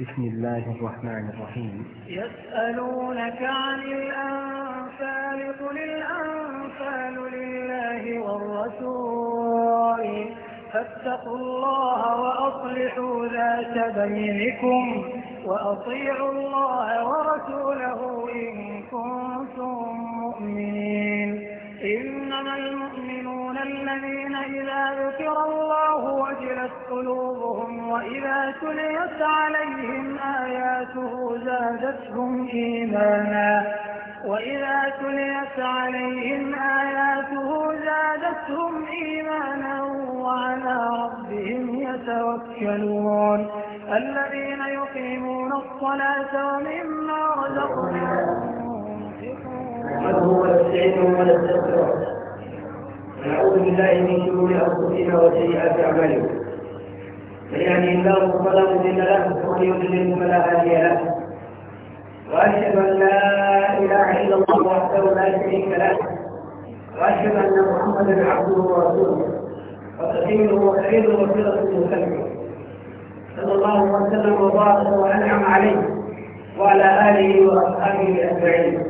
بسم الله الرحمن الرحيم يسألونك عن الأنفال قل الأنفال لله والرسول فاتقوا الله وأصلحوا ذات بينكم وأطيعوا الله ورسوله إن كنتم مؤمنين إنما المؤمنون الذين إذا ذكر الله وجلت قلوبهم وإذا تليت عليهم آياته زادتهم إيمانا وإذا تليت عليهم آياته زادتهم إيمانا وعلى ربهم يتوكلون الذين يقيمون الصلاة ومما رزقناهم نحمده ونستعينه ونستغفره ونعوذ بالله من شرور انفسنا وسيئات اعمالنا من يهده الله فلا مضل له ومن يضلل فلا هادي له واشهد ان لا اله الا الله وحده لا شريك له واشهد ان محمدا عبده ورسوله وتقيمه وخيره وصله من خلقه صلى الله وسلم وبارك وانعم عليه وعلى اله واصحابه اجمعين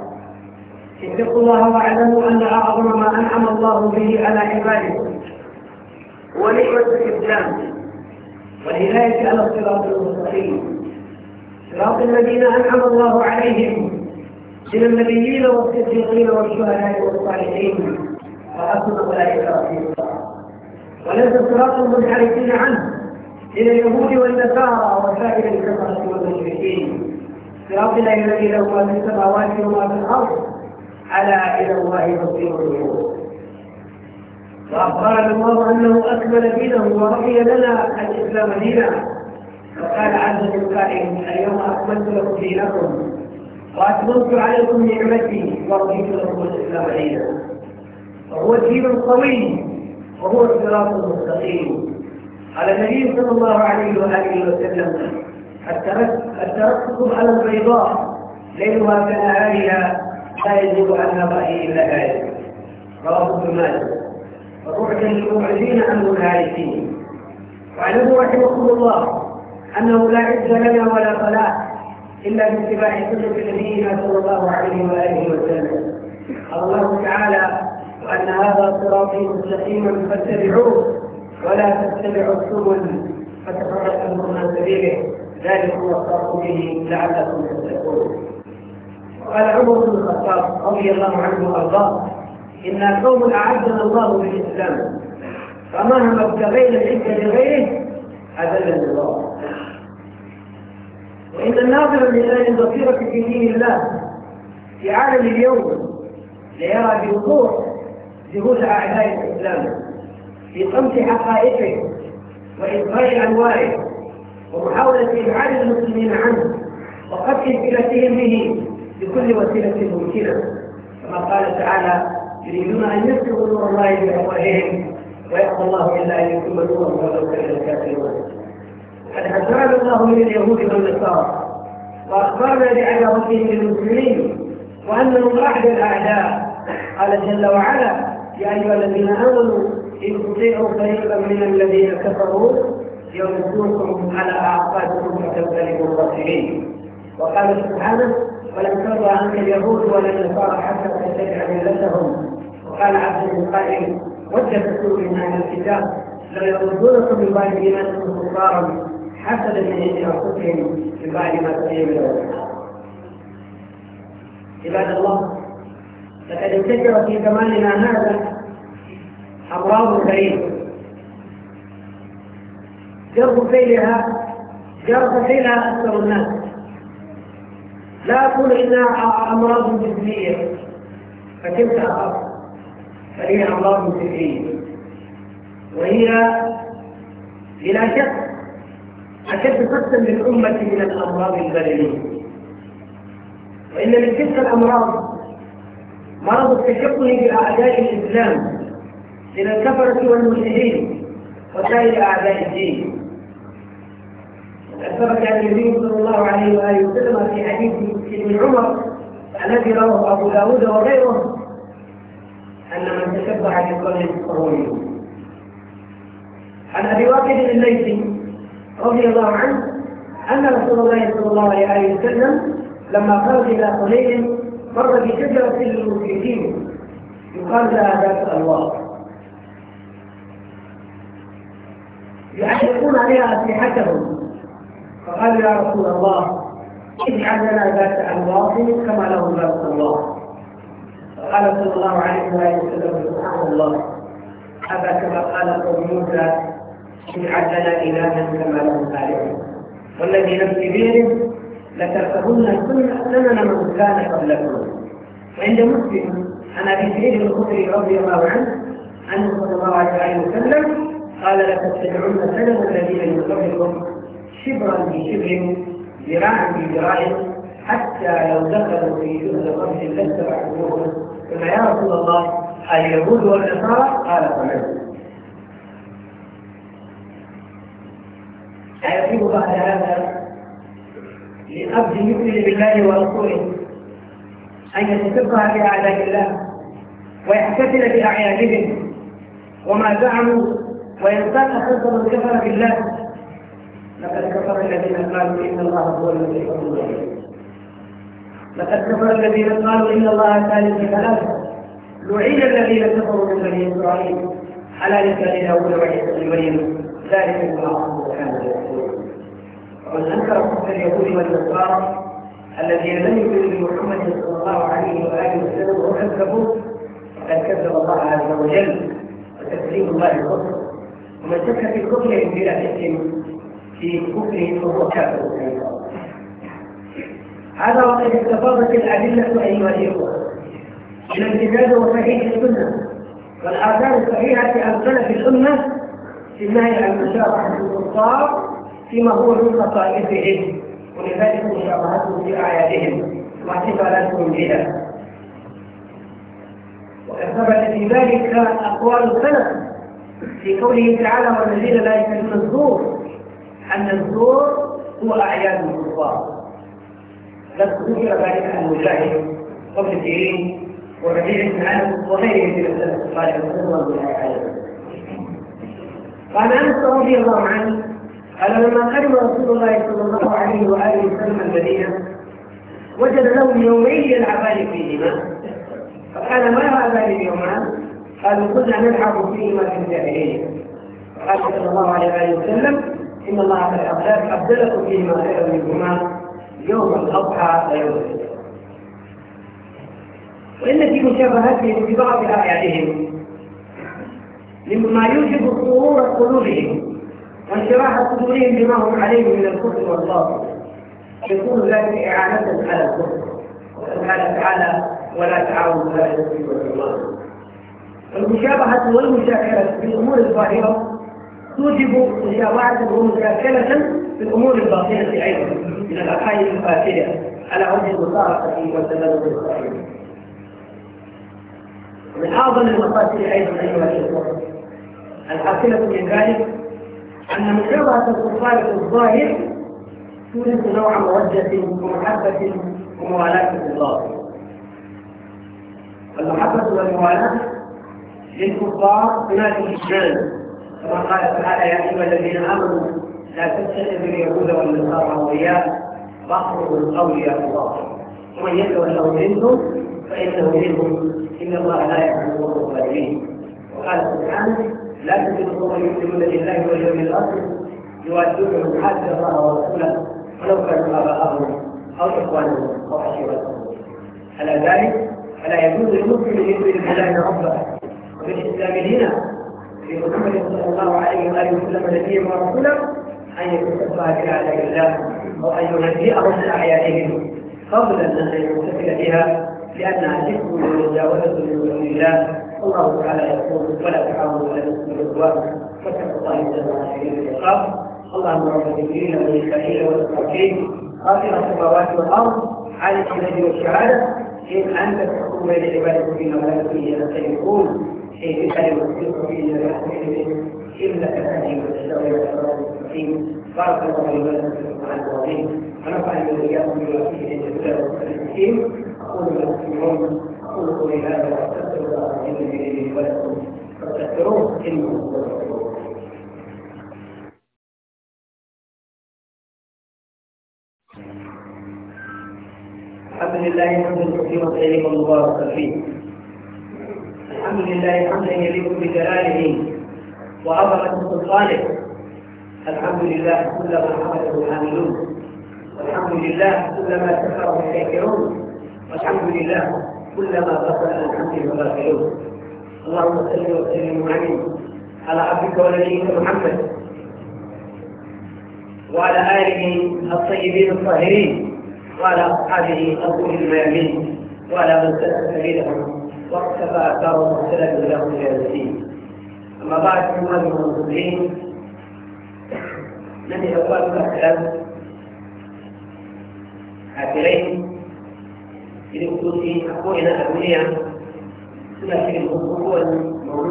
اتقوا الله واعلموا ان اعظم ما انعم الله به على عباده هو نعمه الاسلام والهدايه على الصراط المستقيم صراط الذين انعم الله عليهم من النبيين والصديقين والشهداء والصالحين وحسن اولئك الله وليس صراط المنحرفين عنه الى اليهود والنصارى وسائر الكفره والمشركين صراط الله الذي له ما في السماوات وما في الارض ألا إلى الله مصير اليوم وأخبرنا الله أنه أكمل دينه ورضي لنا الإسلام دينا فقال عز وجل قائل اليوم أكملت لكم دينكم وأتممت عليكم نعمتي ورضيت لكم الإسلام دينا وهو الدين القوي وهو الصراط المستقيم قال النبي صلى الله عليه وآله وسلم التركتكم على البيضاء ليلها كنهارها لا يجب عنها رأي إلا ذلك رواه ابن ماجه وبعدا للمعرضين عن المنهارسين واعلموا رحمكم الله أنه لا عز لنا ولا صلاة إلا باتباع سنة نبينا صلى الله عليه وآله وسلم قال الله تعالى وأن هذا صراطي مستقيما فاتبعوه ولا تتبعوا السبل فتفرقكم عن سبيله ذلك هو الصراط به لعلكم تتقون قال عمر بن الخطاب رضي الله عنه وارضاه إنا قوم أعدنا الله بالإسلام فمهما ابتغينا العزة لغيره أذلنا الله وإن الناظر البصيره في دين الله في عالم اليوم ليرى بوضوح جهود أعداء الإسلام في طمس حقائقه وإبغاء أنواره ومحاولة إبعاد المسلمين عنه وقتل فلتهم به بكل وسيلة ممكنة كما قال تعالى يريدون أن يسلكوا نور الله بأفواههم ويأبى الله إلا أن يتم نورهم ولو كان الكافرون قد حذرنا الله من اليهود والنصارى وأخبرنا ربهم للمسلمين وأنهم أحد الأعداء قال جل وعلا يا أيها الذين آمنوا إن تطيعوا فريقا من الذين كفروا يردوكم على أعقابكم فتنقلبوا خاسرين وقال سبحانه ولم ترضى عنك اليهود ولا النصارى حتى تتبع ملتهم وقال عبد القائل وجهت من هذا الكتاب ليردونكم من بعد ايمانكم كفارا حسدا من عند انفسهم من بعد ما تبين عباد الله لقد انتشر في زماننا هذا امراض كريمه جرب فعلها جرب فعلها اكثر الناس لا أقول إنها أمراض جسديه فكيف أخاف فهي أمراض جسديه وهي بلا شك أشد قسم للأمة من الأمراض البدنية وإن من تلك الأمراض مرض التشبه بأعداء الإسلام من الكفرة والملحدين وسائر أعداء الدين ثبت عن النبي صلى الله عليه واله وسلم في حديث ابن عمر الذي رواه ابو داود وغيره ان من تشبع بقوم فهو منهم عن ابي واقد الليثي رضي الله عنه ان رسول الله صلى الله عليه وسلم لما خرج الى قليل مر بشجره للمشركين يقال لها ذات الله يعلقون عليها اسلحتهم فقال يا رسول الله اجعل لنا ذات انواط كما له ذات الله فقال صلى الله عليه واله وسلم سبحان الله هذا كما قال قوم موسى اجعل لنا الها كما له خالق والذي نفسي لتركهن لتركبن سنن من كان قبلكم وعند مسلم عن ابي سعيد الخدري رضي الله عنه انه صلى الله عليه وسلم قال لتتبعن سنن الذين من قبلكم شبرا بشبر ذراعا بذراع حتى لو دخلوا في جهد الرمح لاتبعوه كما يا رسول الله اليهود والنصارى قال فعلوا أيقين بعد هذا لأبد يؤمن بالله ورسوله أن في بأعداء الله ويحتفل بأعيادهم وما زعموا وينساق خلق من كفر بالله لقد كفر الذين قالوا ان الله هو المسيح ابن مريم لقد كفر الذين قالوا ان الله ثالث ثلاثه لعين الذين كفروا من بني اسرائيل على لسان داوود وعيسى بن مريم ذلك ما الله كان يقول ومن انكر كفر اليهود والنصارى الذين لم يؤمنوا بمحمد صلى الله عليه واله وسلم وكذبوا فقد كذب الله عز وجل وتكذيب الله الكفر ومن شك في الكفر بلا حكم في كفرهم وهو كافر هذا وقد استفاضت الأدلة أيها الإخوة من الكتاب وصحيح السنة والآثار الصحيحة عن سلف الأمة في النهي عن مشابهة الكفار فيما هو من خصائصهم ولذلك مشابهتهم في أعيادهم واحتفالاتهم بها وقد ثبت في ذلك أقوال السلف في قوله تعالى والذين لا يكلمون الزور أن الزور هو أعياد الكفار لقد ذكر ذلك عن مجاهد وابن سيرين وربيع بن عامر وغيره من السلف الصالح رضي الله عنه قال انس رضي الله عنه قال لما قدم رسول الله صلى الله عليه واله وسلم المدينه وجد له يومين يلعبان فيهما فقال ما هذا اليومان؟ قالوا كنا نلعب فيهما في الجاهليه قال صلى الله عليه واله وسلم إن الله على الأخلاق أبدلكم فيهما غير منهما يوم الأضحى ويوم الفطر وإن في مشابهتهم في بعض أعيادهم مما يوجب سرور قلوبهم وانشراح صدورهم بما هم عليه من الكفر والباطل يكون ذلك إعانة على الكفر وقال تعالى ولا ولا على ولا والعدوان المشابهة والمشاكلة في الأمور الظاهرة توجب مشابهته ومشاكلة في الأمور الباطنة أيضا من العقائد الفاسدة على وجه المصارفة والتبادل الصحيح. من أعظم المفاسد أيضا أيها الإخوة الحاصلة من ذلك أن مجابهة الكفار في الظاهر تورث نوع مودة ومحبة وموالاة في الله. المحبة والموالاة للكفار هناك اجمال كما قال تعالى يا ايها الذين امنوا لا تتخذوا اليهود والنصارى اولياء بعضهم القول يا الله ومن يتولوا منهم فانه منهم ان الله لا الله الظالمين وقال سبحانه لا تتخذوا قوم يؤمنون بالله واليوم الاخر يوادون حتى الله ورسوله ولو كانوا اباءهم او اخوانهم او عشيرتهم على ذلك فلا يجوز للمسلم ان يؤمن بالله ربه النبي ورسوله ان يتصفى بها على الله وان ان يهدئهم لاعيادهم قبل ان يتصل بها لانها شرك ومجاوزه لوجود الله والله تعالى يقول ولا تعاونوا ولا الاثم والعدوان واتقوا الله جل وعلا في العقاب اللهم رب الدين والمسائل والمساكين خاطر السماوات والارض على الشهاده والشهاده ان انت تحكم بين عبادك فيما لا فيه يستيقون حيث كان يصدق فيه ويحتمل إلا الهدي والتساوي والصراط المستقيم بارك الله لي ولكم في القرآن ونفعني وإياكم بما فيه من الهدى والتسليم أقول ما تسمعون أقول قولي هذا وأستغفر الله العظيم لي ولكم فاستغفروه إنه هو الحمد لله حمدا كثيرا طيبا مباركا فيه الحمد لله حمدا يليق بجلاله وعظمة سلطانه الحمد لله كل ما حمده الحاملون والحمد لله كل ما سخره الشاكرون والحمد لله كل ما غفر الحمد الغافلون اللهم صل وسلم وعليم على عبدك ونبيك محمد وعلى آله الطيبين الطاهرين وعلى أصحابه الطول الميامين وعلى من سلك سبيلهم واقتفى آثارهم وسلم لهم إلى الدين أما بعد أيها المنظمين من يقال مثلا هاتين لخصوص أخونا أبويا سنة في هو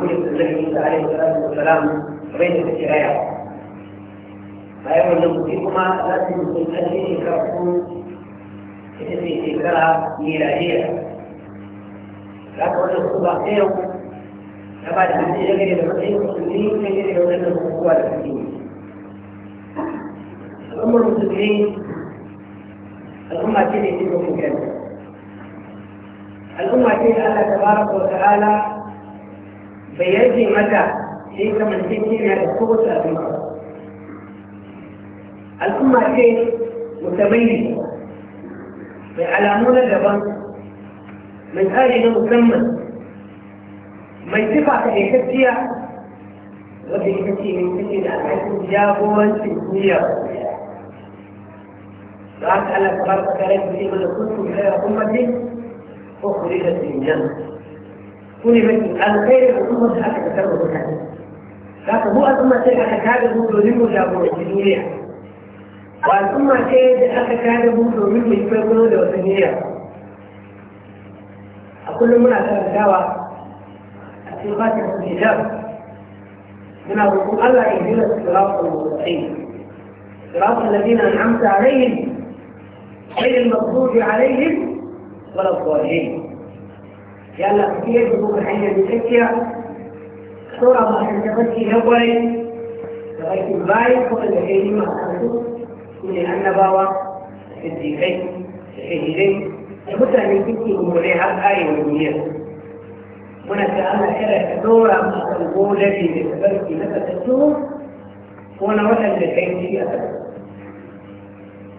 في النبي عليه الصلاة والسلام بين الشرايع فأيضا نقصيكما لازم تتأتي كرسوم في شكرها ميلادية لكن الخطأ بعد أن يجري لمسيح المسلمين يجري لغير المسلمين الأمة المسلمين الأمة التي يجب الجنة الأمة التي الله تبارك وتعالى بيدي متى في من سنين هذا الصوت الأمة الأمة التي متميزة بعلامون الجبان من أهل مسمى mai sifa ta aikacciya wadda ita ce mai kace da alhakin jagorancin duniya za ka Allah ta barka kare ku ce mana kuntum khayra ummatin ukhrijat lin janna kuni mai alkhairu ummat da aka tarwa mutane za ka mu al'umma ce aka kada mu domin mu jagoranci duniya ba al'umma ce da aka kada mu domin mu yi kwaikwayo da wata duniya a kullum muna karantawa في خاتمة الحجاب من الرسول ألا يهدنا الصراط المستقيم صراط الذين أنعمت عليهم غير المغضوب عليهم ولا الضالين لان في من الحية بشكية ترى ما تتبكي أولي لغاية البايت والذين ما أخذوا من النبوة في الشهيدين لابد أن يكون هناك آية من muna ta Allah kada ka dora mu kan golaje da tabarki na kasattu ko na waɗanda kai shi a kan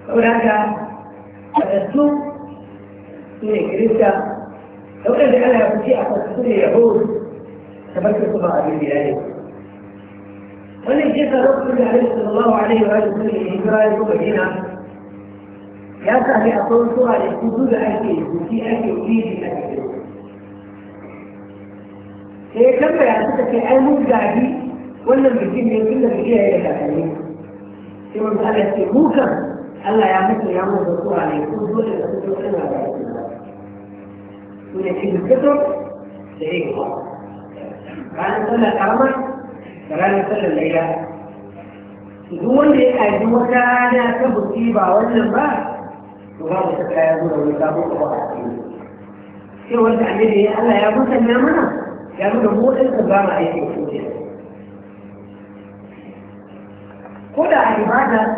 saboda haka kasattu su ne kirista da waɗanda Allah ya fi a kan su ne yahudu tabarki su ba abin da ya ne wannan shi yasa lokacin da Alaihi sallallahu alaihi wa sallam ya hijira ya zo Madina ya sa ne akwai sura da su da ake buki ake yi da ake هي كم بياناتك هي الموجة دي ولا بتجيب من كل اللي فيها يا كاتبين في من قال يا سيدي موجة قال يا مثل يا عم الدكتور علي كل دول اللي كنت بقول لك عليهم ويجي الكتب زي قال قال لك عمر قال لك صلى الليلة دول اللي قالوا كان يا كبتي بعوض الباب وهذا شكرا يا دول اللي قالوا كبتي شو قلت عليه يا الله يا بوسى يا منى يعني هو الكبار أيك وفوده كل عبادة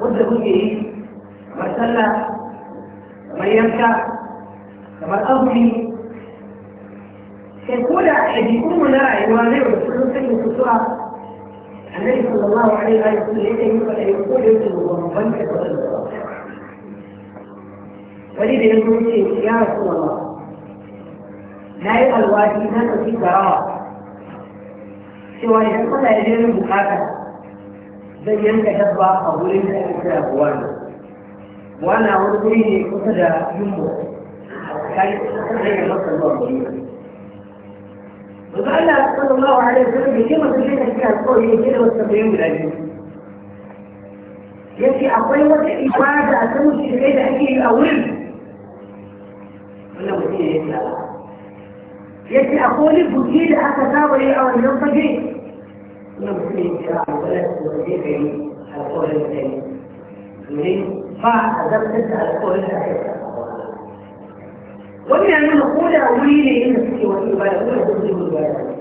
وده بجيه مرسلة مريمكا كما الأغني كل عبادة يكون من رأي وانه في الكسوة النبي صلى الله عليه وسلم يقول يقول يقول يقول يقول يقول يقول يقول يقول يقول يقول يقول يقول يقول يقول يقول يقول يقول يقول na yi alwaji na ɗauki garawa cewa idan kana yi neman bukata zan yanka dabba a wurin da ake kira buwana buwana wani wuri ne kusa da yumbo kai kusa da yamma sallallahu alaihi wasallam Allah sallallahu alaihi wasallam ya ce masa ne da kira kawai ya ce da wasu tambayoyin guda biyu yake akwai wata ibada a kan mutum da ake yi a wurin wannan mutum ya yi يجي أقول بجي لأسفا وإيه أو أن ينطق جي نبقي الكرام ولا تبقي في القول الثاني من فأذبت على القول الثاني ومن أن نقول أولي لي إن سكي وإن بالأولي بجي بالوالي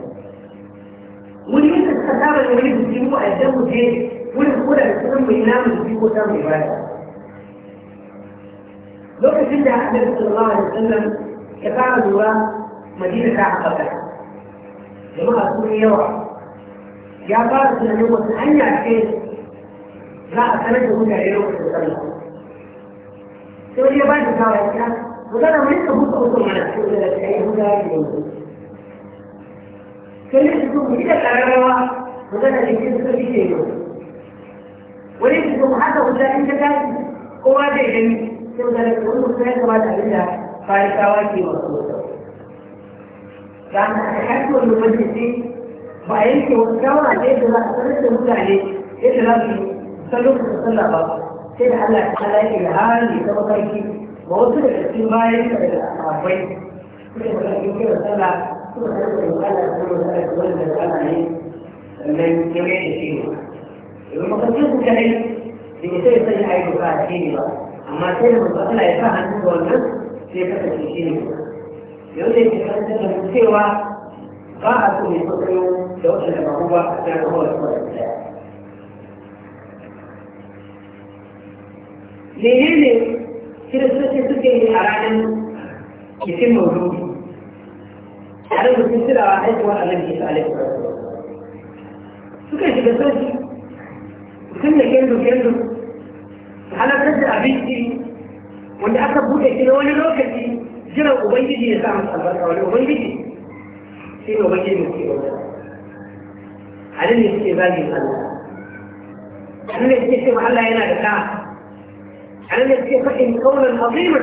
ولين أسفا وإيه بجي مو أجابه جي ونقول أسفا وإيه نعمل بجي وتام بالوالي لو كنت عبد الله صلى الله عليه وسلم كفاعة دوران مدينة ساعة قبلها جماعة سوري يوعى يا بارس من يوم أن شيء لا أتمنى هدى يوم السلام سوري يا بارس ساعة وده ما لسه هدى أوصل معنا سوري لك أي هدى يوم كلمة تكون كده قرارة وده أنا اللي كنت سوري يوم وليس تكون حتى هدى أنت كان هو ده جميل سوري لك كل مستوى كما تعملها فارساواتي وصولتك يعني حكم المجلسين وعيلته والكوى ليه لا ترد عليه ايه اللي راجل سلوك تصلى بقى سيد على على الهان يتوقيك ووصل الاسم ما يمكن الأخوين يمكن صلى من جميع الشيوخ المقدمة كلمة لمثال سيد عيد فاتحين أما سيد المقدمة يفهم هو النص في فترة الشيوخ yanzu ke karantar da mu cewa ba a so ne kwaikwayo da waɗanda ba mu ba a ta ga hawa kuma da ɗaya. Menene kiristoci suke yi a ranar bikin maudu'i? A nan mutum tirawa haihuwar annabi Isa alaihi wasallam. Suka shiga sauki mutum da kendo kendo halakar da abinci wanda aka buɗe shi na wani lokaci كده أبيدي دي يسعمت البركة وليه أبيدي دي فين أبيدي المسكين والله على الاستيبان يسعمت على الاستيبان يسعمت على الاستيبان يسعمت على الاستيبان قولا عظيما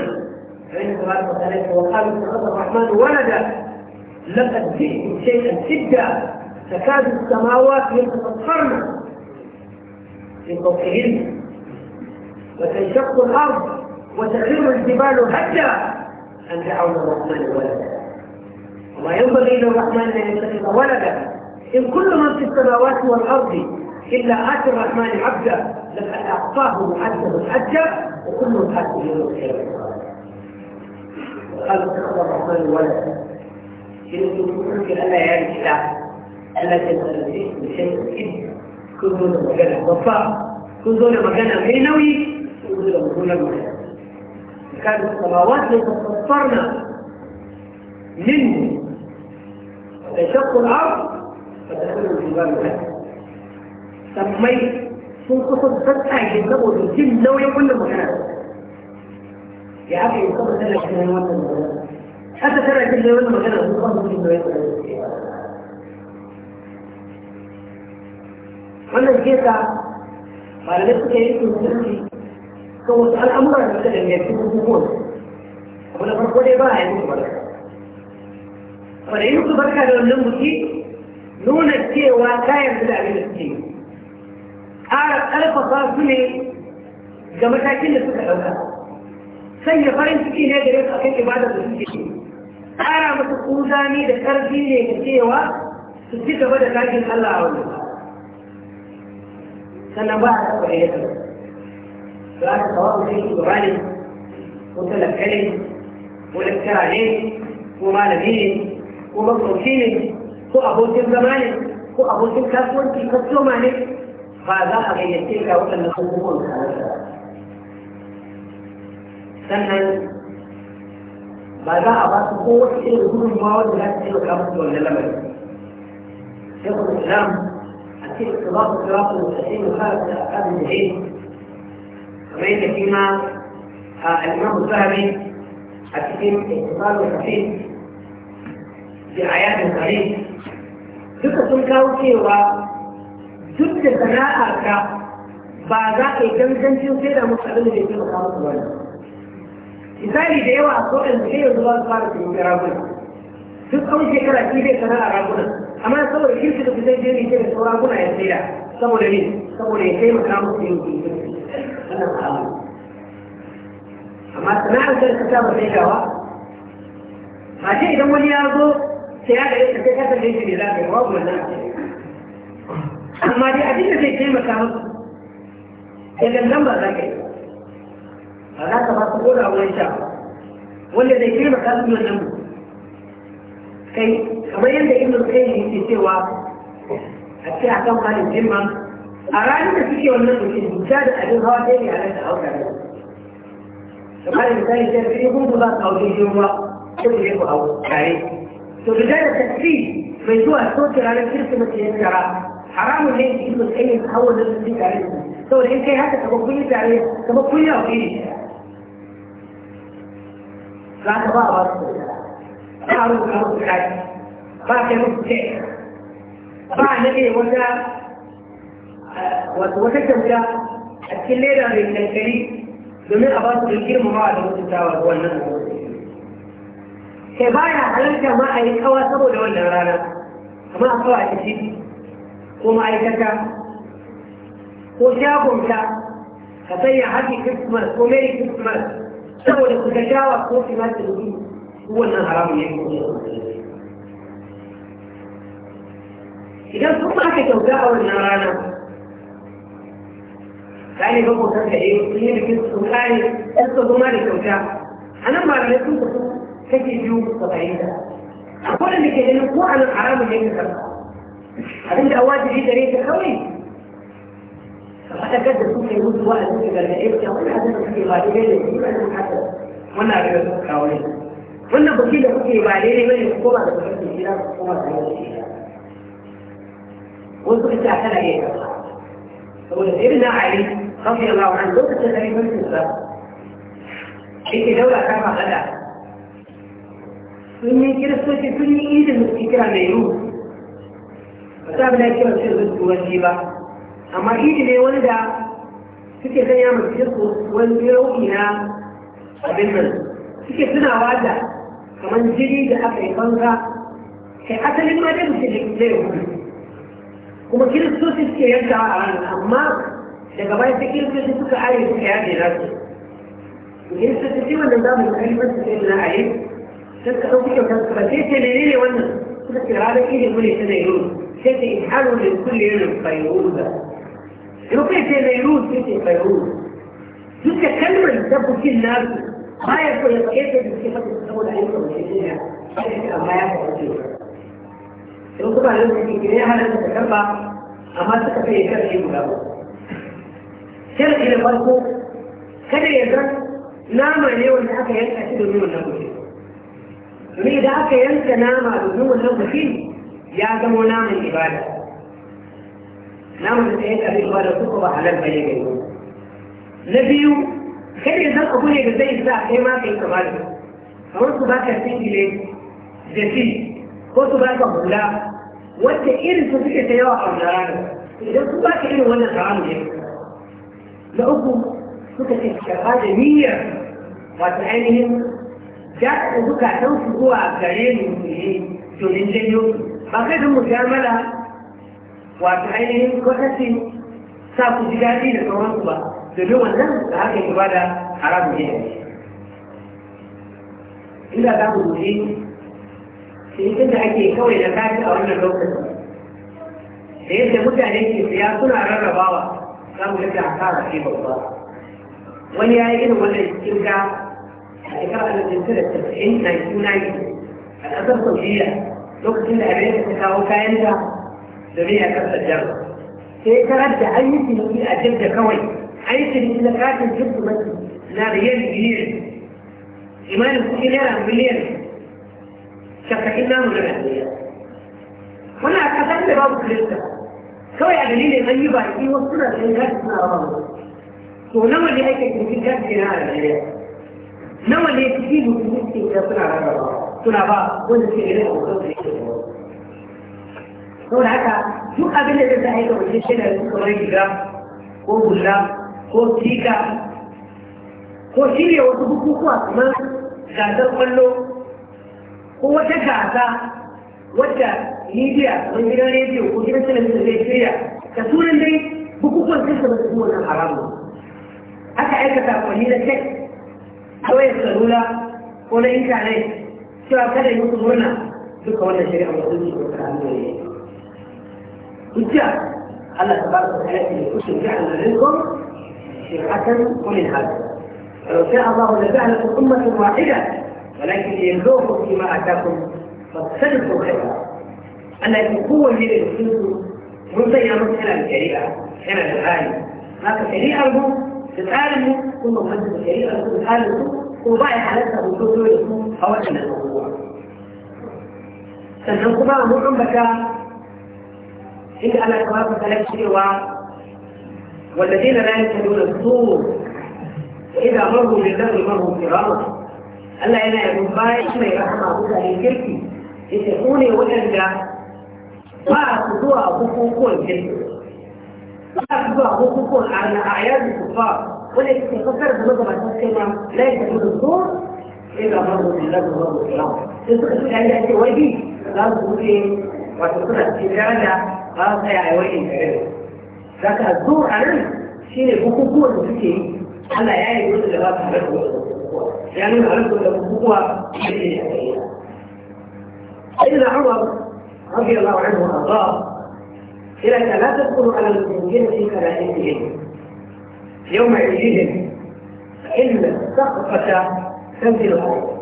على الاستيبان يسعمت وقال ابن الرحمن ولدا لقد جئت شيئا سدا تكاد السماوات يتفطرن في قوسهن وتنشق الارض وتغير الجبال هدا أن تعود الرحمن ولدا وما ينبغي للرحمن أن يتخذ ولدا إن كل من في السماوات والأرض إلا آتي الرحمن عبدا لقد أعطاه معدل حجة وكل آتي يوم القيامة قال اتخذ الرحمن ولدا إنه ممكن ألا يعرف الله ألا تنسى بشيء كل دون مكان وفاء كل دون مكان غير نوي كل دون مكان أركان السماوات التي قصرنا من تشق الأرض فدخلوا في باب الهدى سميت في قصة فتحة يجب لو يقول لهم هذا يا أخي يصبح سنة سنوات حتى سنة سنوات مكانة يصبح سنوات وانا جيتا قال لك كيف تنسي kan wasu al'amura da suka danganci bukukuwan abu na farko dai ba a yi musu barka wanda yi musu barka da wannan buki nuna cewa kayan da abin da suke ƙara ƙarfafa su ne ga matakin da suka ɗauka sanya farin ciki ne gare su akan ibada da suke ƙara musu kuzani da ƙarfi ne ga cewa su ci gaba da tashin Allah a wannan sannan ba a taɓa yadda فهذا سواء شيء غالي وطلب علم ولكتر عليه وما لبيه ومصروفينه وأبوكم زمانه وأبوكم كاسوانتي كسلوا مالك فهذا أغيرتك وأن تكون sannan ba za a ba su kowace irin gudunmawa da za su taimaka musu wannan lamarin shekul islam a cikin ba su kira su da shi mu fara da akadin da فإن فيما الإمام الذهبي أتيم اتصال الخفيف بآيات الخريف duka sun kawo cewa duk da sana'ar ka ba za ka yi gangancin sai da musu abin da ke taimaka musu wani misali da yawa a kowane da yanzu ba su fara su yi raguna duk an shekara shi zai sana'a raguna amma saboda kirki da kusan jeri ke da sauran raguna ya tsira saboda ne saboda ya taimaka musu yin kirki سنة العظيم أما سماع الكتاب التلاوة ما شيء إذا ولي أبو سيادة الكتاب اللي يجري لا بالرب ولا أما دي أدلة زي كلمة كامل إذا اللمبة ذاك فلا تفصلون أو إن شاء الله ولا زي كلمة كامل من اللمبة كي كما يندى ابن القيم في سوى أتي أحكام هذه الجمعة a ranar da suke wannan mutum buta da abin hawa ɗaya ne a nan da auka ne kamar da misali sai sai kun ba ka aure shi ruwa sai ku je ku hau tare to da da tafi mai zuwa soke ranar kirsimeti ya tara haramun ne ki ku tsaye ka hawa da su tare saboda in kai haka kamar kun yi tare kamar kun yi aure ne za ka ba a ba su ba a rubuta musu tsari ba a kai musu tsari ba a nade wata wato wata kyauta a cikin leda mai kankari domin a ba su da girmamawa da mutuntawa ga wannan kai baya halarta ma a yi kawa saboda wannan rana amma a kawa ta ciki ko ma'aikata ko shagonta ka sanya happy christmas ko merry christmas saboda ku ta shawa ko kima ta rubu wannan haramun ne idan sun ba ka kyauta a wannan rana gane ga motar da yayi sun yi bikin su kare sun ka zo ma da kyauta a nan malamai sun tafi kake biyu ka fahimta akwai da ke ganin ko a nan haramun ne ka karɓa abin da wajibi gare ka kawai ka faɗakar da su kai musu wa a cikin gargaɗe ka wani abin da suke ba daidai da shi ba nan haka wannan abin da suka kawo ne wannan baki da kuke ba daidai bane ku koma da kuke gida ku koma da kuke gida wasu ita kana iya karɓa وسيدنا علي رضي الله عنه لو كنت خليفة الإسلام أي دولة كما غدا وإني كرسوتي كل إيد المستكرة ميمون وتاب لا كما تشرب الواجبة أما إيد لي ولدا suke sanya mu cikin wani nau'i na abin nan suke tunawa da kamar jiri da aka yi banza kai asalin ma dai kuma kiristoci suke yanka a ranar amma daga bayan sai kiristoci suka aye suka yaje na su kiristoci ce wannan zamu yi kalimanci sai da na aye sun ka ɗauki kyautar su ba sai ce ne ne wannan suka ce ranar irin mune ta zai rudu sai ce in haru da kulle yin fayyuza rufe ce zai rudu sai ce fayyuza duka kalmar dabbukin nasu baya ko ya tsaye da suke mata saboda ayyukan da ya ce ya amma ya faɗi in kuma nan cikin gida ya halatta ta karba amma suka fi ya karfe guda ba sharadi na farko kada ya zan nama ne wanda aka yanka shi domin wannan gushi domin idan aka yanka nama domin wannan gushi ya zama naman ibada naman da ta yanka zai ibada suka ba halal bane ga yi na biyu kada ya zan abu ne da zai sa kai ma kai kamar kamar su ba ka singile da fi ko su baka hula wanda irin su suke ta yawa a zarana idan su baka irin wannan haramu ne na uku suka ce shafa da niyyar wato ainihin da su suka ɗan zuwa gare mu ne domin janyo ba kai don mu mala wato ainihin kwatancin sa ku ji daɗi da sauransu ba domin wannan da haka ibada haramu ne inda za mu guji cinikin da ake kawai da kashi a wannan lokacin da yadda mutane ke siya suna rarrabawa za mu yadda hasara ce babba wani ya yi irin wannan cinka a shekarar alifin tara tasa'in na yunani a ƙasar saudiya lokacin da amerika ta kawo kayan da domin a ƙasar jar sai karar da an yi ciniki a jirga kawai an yi ciniki na katin jirgin na riyal biliyan imanin kuɗi naira miliyan كفتحناه للأنبياء wannan a kasar da babu kirista kawai a dalilin an yi baki wasu suna da gashi suna rawa to nawa ne ake kirkin gashi na a Najeriya nawa ne cikin mutum ke da suna rawa suna ba wanda ke da yawan kansu yake saboda haka duk abin da zai aika wajen shaidar su kamar riga ko hula ko tika ko shirya wasu bukukuwa kamar gasar kwallo ko wata gasa wadda media wani gidan rediyo ko gidan talabijin zai shirya da sunan dai bukukuwan sun saba su wannan haramu aka aikata kwani na cek a wayar salula ko na intanet cewa kada yi musu murna duka wannan shari'a ba su ci ko ta hannu ne hujja Allah ta bada ta yake da kushin ja'ala rizqan shir'atan kullin hada. Sai Allah ya ja'ala ummatan wahida ولكن يلوه فيما أتاكم فاتخلصوا خيرا أن القوة هي الفلس مستيا مثلا الشريعة هنا الغاية ما كشريعة المو تتعلم كل ما تسمى شريعة تتعلم وضع حالتها بسوط ويسمو هو أن القوة تنقبا مرم بكا إن أنا كواب ثلاث شروع والذين لا يتدون الصور وإذا مروا بالذنب مروا فرارا Allah yana yabon bayan mai rahama mutane kirki yake ku ne waɗanda ba su zuwa bukukuwan kirki ba su zuwa bukukuwan arna a yadda su fa wanda ke fasar da magabatan kai ma la ya tafi da zo sai ga mabu da lagu mabu da lagu sai suka fi ɗan yake waje za su wuce wato suna cikin daraja ba su tsaya a wajen gare da ka zo a nan shine bukukuwan da suke yi Allah ya yi wanda da ba su halarta يعني ما عرفوا إيه؟ إلا كتبوها سيدنا عمر رضي الله عنه وأرضاه إلى لا تدخلوا على المسلمين في كنائسهم في يوم عيدهم فإن السقفة تنزل عليهم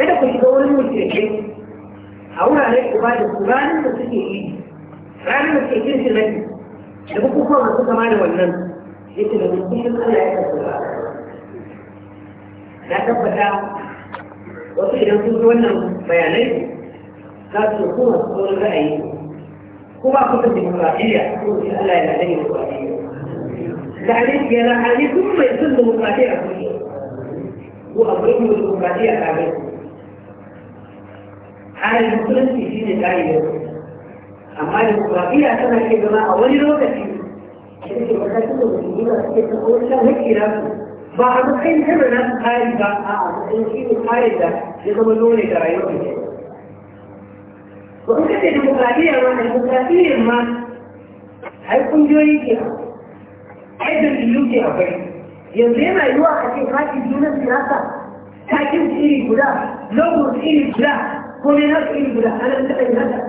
هذا كنت تقول للمشركين أولا عليك بعد القرآن المسلمين فعلا المسلمين في المسجد لبقوا فوق السماء والنمس يتلقوا بهم أن يعيش القرآن na tabbata wasu idan sun zo wannan bayanai za su kuma tsoron ra'ayi ko ba kusa dimokuraɗiyya ko shi Allah ya dade dimokuraɗiyya da hadisi ya rahani duk mai son dimokuraɗiyya a kuma ko akwai mu dimokuraɗiyya a kai halin musulunci shi ne ƙa'idar amma dimokuraɗiyya tana ke zama a wani lokaci da ke matakin da musulmi ba suke taɓa wani shan hakki na su ba a matsayin kana na tsari ba a a matsayin shi ne tsarin da ya zama dole da rayuwar ne ba in kace demokradiyya ma demokradiyya ma ai kungiyoyi ke ai da lilu ke akwai yanzu yana yiwa a ce kafin junan siyasa takin iri guda logon iri guda ko ne na iri guda ana taɓa yi haka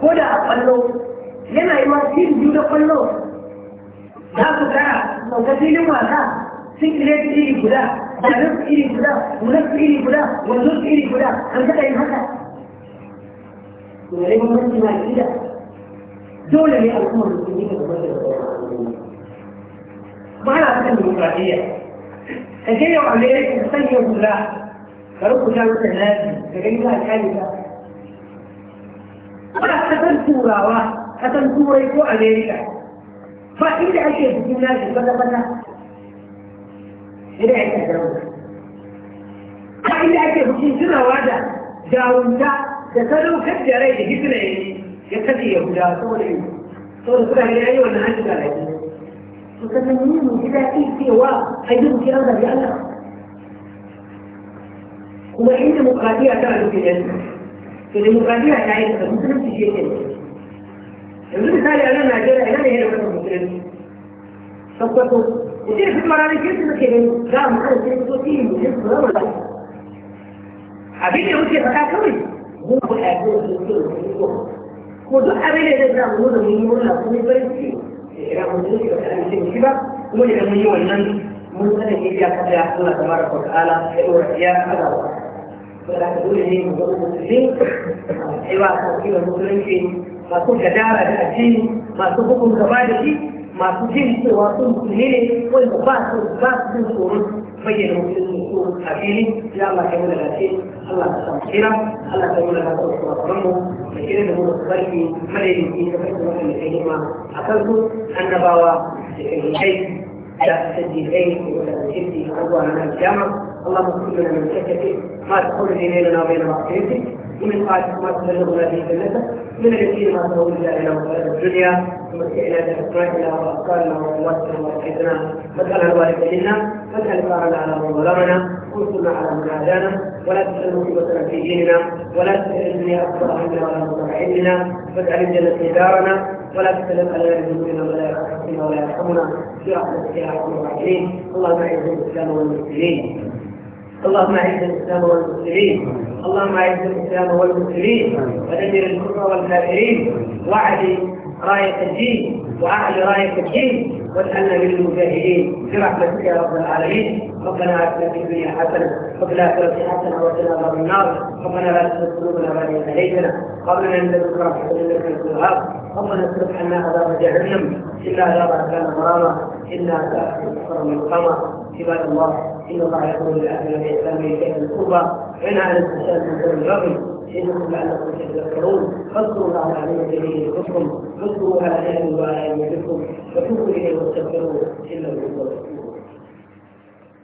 ko da a kwallo yana yiwa iri biyu da kwallo za su gara saukar filin wasa singlet iri guda da nufi iri guda munaf iri guda wanzu iri guda an taɓa yin haka dole mun mutum na gida dole ne al'ummar musulmi ta zama da ba na kan demokradiyya ka je yau a mere ka sanya hula ka rubuta masa nazi ka gani za a kyale ka ba kasar turawa kasar turai ko amerika ba inda ake bikin nashi kwata-kwata idan ake dawo ba inda ake bikin tunawa da dawunta da sadaukar da rai da hitler ya kashe yahudawa saboda yi saboda suna ne yayi wannan hannun da lafiya to sannan yi mu ji daɗi cewa a yi bikin an zabi allah kuma inda demokradiyya tana nufin yanzu to demokradiyya ta yi da musulunci shi yake yanzu misali a nan Najeriya ina ne yana kasar musulunci tabbato mutum duk mararin kirkin da ke gani za mu kan kiristoci yin mutum su zama da abin da muke faɗa kawai mun ku ɗaya ko su ke ko duk abin da zai zama nuna mun yi murna kuma farin ciki idan mun yi ba kaɗan cikin shi ba kuma idan mun yi wannan mun sanin ne ya kaɗa Allah ta mara kwa ta'ala ya ɗora ya kaɗa wa. Saboda haka dole ne mu zama musulmi, a tsaye ba a kan kiwon musulunci masu gadara da addini masu hukun gaba da shi masu jin cewa sun musulmi ne wanda ba su ba su jin tsoron bayyana musulmi su a fili ya Allah kai mana lafiya Allah ka samu kira Allah kai mana lafiya su a kanmu da kira da mu da barki madaidaici da barki wannan da kai hikima a kan su annabawa da kai لا تسدي اليه ولا تسدي عضوا على الجامع اللهم اغفر لنا من شركته ما تحول بيننا وبين معصيتك ومن قاعدة ما تبلغنا به جنته من اليقين ما تولى الى إلى الدنيا ومتعنا باسمائنا وافكارنا وقواتنا وارشدنا الوالد لنا واجعل ثارنا على مظلمنا ظلمنا على من عادانا ولا في مصيبتنا في ديننا ولا تجعل الدنيا أفضل عنا ولا مصدر علمنا الجنة في دارنا ولا تسلم على ذنوبنا ولا يرحمنا ولا يرحمنا برحمتك يا ارحم الراحمين اللهم اعز الاسلام والمسلمين اللهم اعز الاسلام والمسلمين اللهم اعز الاسلام والمسلمين ودمر الكفر والكافرين واعز رايه الدين واعلي رايه الدين واجعلنا من المجاهدين برحمتك يا رب العالمين ربنا اتنا في الدنيا حسنه وفي الاخره حسنه وقنا باب النار ربنا لا تزغ قلوبنا بعد اذ هديتنا قبل ان تذكر رحمتك انك انت الوهاب ربنا اترك عنا عذاب جهنم الا عذابها كان غراما انا ساخر من القمر عباد الله ان الله يقول لاهل الاسلام شيئا الكفى وينهى عن الاستشهاد من كل البغي انكم لعلكم تتذكرون فاذكروا الله على من يليه يذكركم واذكروا على نعم اهله وعلى يذكركم فكفوا اليه واستغفروه انه هو